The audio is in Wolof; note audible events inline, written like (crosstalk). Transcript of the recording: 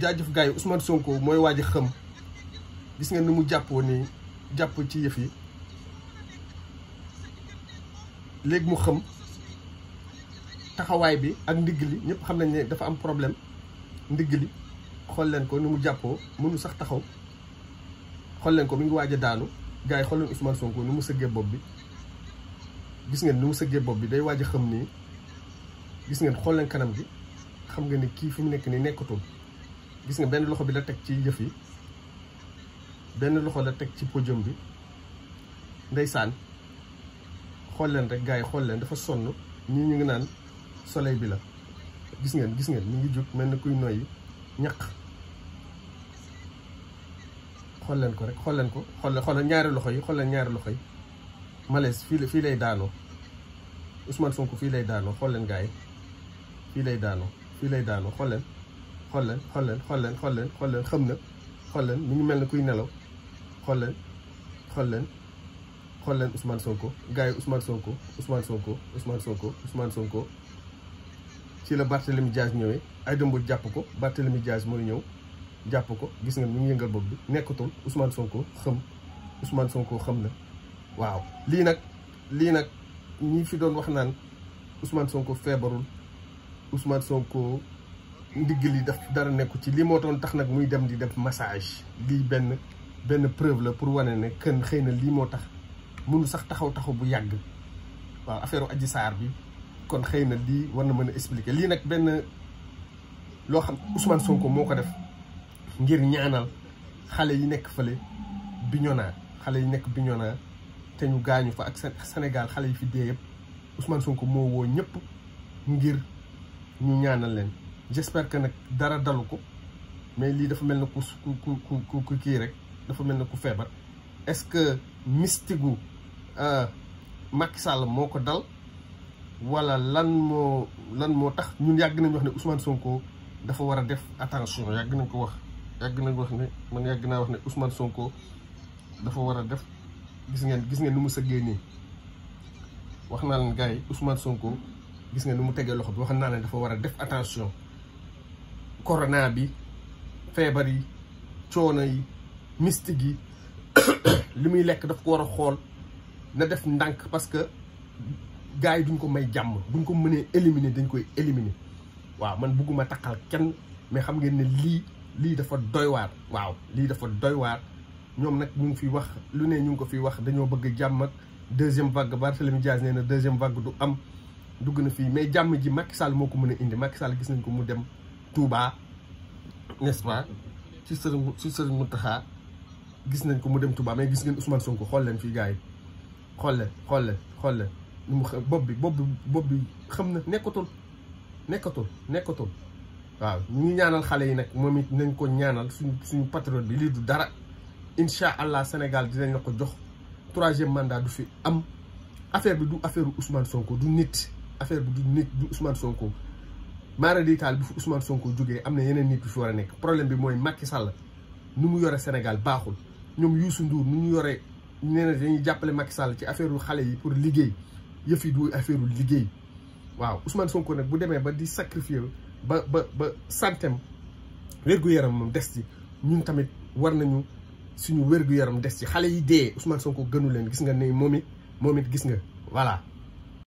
jaajëf gars yi Ousmane Sonko mooy waaj a xam gis ngeen ni mu jàppoo ni jàpp ci yëf yi léegi mu xam taxawaay bi ak ndigg li ñëpp xam nañ ne dafa am problème ndigg li xool leen ko ni mu jàppoo mënu sax taxaw xool leen ko mi ngi waaj a daanu gars yi xool leen Ousmane Sonko ni mu sëggee bopp bi gis ngeen ni mu sëggee bopp bi day waaj a xam ni gis ngeen xool leen kanam gi xam nga ni kii fi mu nekk ni nekkatul gis nga benn loxo bi la teg ci yëf yi benn loxo la teg ci podium bi ndeysaan xool leen rek gars yi xool leen dafa sonn ñi ñu ngi naan soleil bi la gis ngeen gis ngeen ñu ngi jóg mel ni kuy noyyi ñaq xool leen ko rek xool leen ko xool xool ñaari loxo yi xool leen ñaari loxo yi malaise fii fii lay daanoo Ousmane ko fii lay daanoo xool leen gars yi fii lay daanoo fii lay daanoo xool leen xool leen xool leen xol leen xool leen xool leen xam na xool leen mu ngi mel ne kuy nelaw xool leen xool leen xool leen Ousmane Sonko gars yi Ousmane Sonko Ousmane Sonko Ousmane Sonko Ousmane Sonko ci la Barthélemy Diaz ñëwee ay dëmb jàpp ko Barthélemy Diaz mooy ñëw jàpp ko gis nga mu ngi bopp bi nekkatul Ousmane Sonko xam Ousmane Sonko xam na waaw lii nag lii nag ñi fi doon wax naan Ousmane Sonko feebarul Ousmane Sonko ndigg li daf dara nekku ci lii moo doon tax nag muy dem di def massage lii benn benn preuve la pour wane ne kën xëy na lii moo tax mënu sax taxaw taxaw bu yàgg waaw affaire Adji bi kon xëy na lii war na mën a expliquer lii nag benn loo xam Ousmane Sonko moo ko def ngir ñaanal xale yi nekk fële Bignona xale yi nekk Bignona te ñu gaañu fa ak senegal xale yi fi dee yëpp Ousmane Sonko moo woo ñëpp ngir ñu ñaanal leen. j'espère que nag dara dalu ko mais lii dafa mel na ku ku kii rek dafa mel na ku feebar est-ce que mystique gu euh, Macky Sall moo ko dal wala lan moo lan moo tax ñun yàgg nañu wax ne Ousmane Sonko dafa war a def attention yàgg nañ ko wax yàgg nañ wax ne man yàgg naa wax ne Ousmane Sonko dafa war a def gis ngeen gis ngeen nu mu sëggee nii wax naa leen gars yi Ousmane Sonko gis ngeen nu mu tegee loxo bi wax naa leen dafa war a def attention. corona bi feebar yi coono yi mystique yi (coughs) li muy lekk daf ko war a xool na def ndànk parce que gars yi duñ ko may jàmm buñ ko mënee éliminer dañ koy éliminer waaw man bugguma taqal kenn mais xam ngeen ne lii lii dafa doy waaw lii dafa doy waar ñoom nag ñu ngi fi wax lu ne ñu ngi ko fi wax dañoo bëgg jàmm ak deuxième vague Barthélémy Diaz nee na deuxième vague du am dugg na fii mais jàmm ji Macky Sall moo ko mën a indi Macky Sall gis nañ ko mu dem Touba n'est-ce pas ci sëriñ ci sëriñ gis nañ ko mu dem Touba mais gis ngeen Ousmane Sonko xool leen fii gars yi xool leen xool leen xool leen nu mu bopp bi bopp bi bi xam na nekkatul nekkatul nekkatul waaw ñu ñaanal xale yi nag moom it nañ ko ñaanal suñu suñu patriote bi lii du dara incha allah Sénégal dinañ la ko jox troisième mandat du fi am affaire bi du affaire Ousmane Sonko du nit affaire bi du nit du Ousmane Sonko. maara diitaal bi fi Ousmane Sonko jógee am na yeneen nit yu fi war a nekk problème bi mooy Macky Sall nu mu yore Sénégal baaxul ñoom Youssou Ndour nu ñu yore nee dañuy jàppale Macky Sall ci affaire xale yi pour liggéey yëf yi du affaire liggéey waaw Ousmane Sonko nag bu demee ba di sacrifier ba ba ba santem wér-gu-yaram moom des ci ñun tamit war nañu suñu wér-gu-yaram des ci xale yi dee Ousmane Sonko gënu leen gis nga ne moom it moom it gis nga voilà.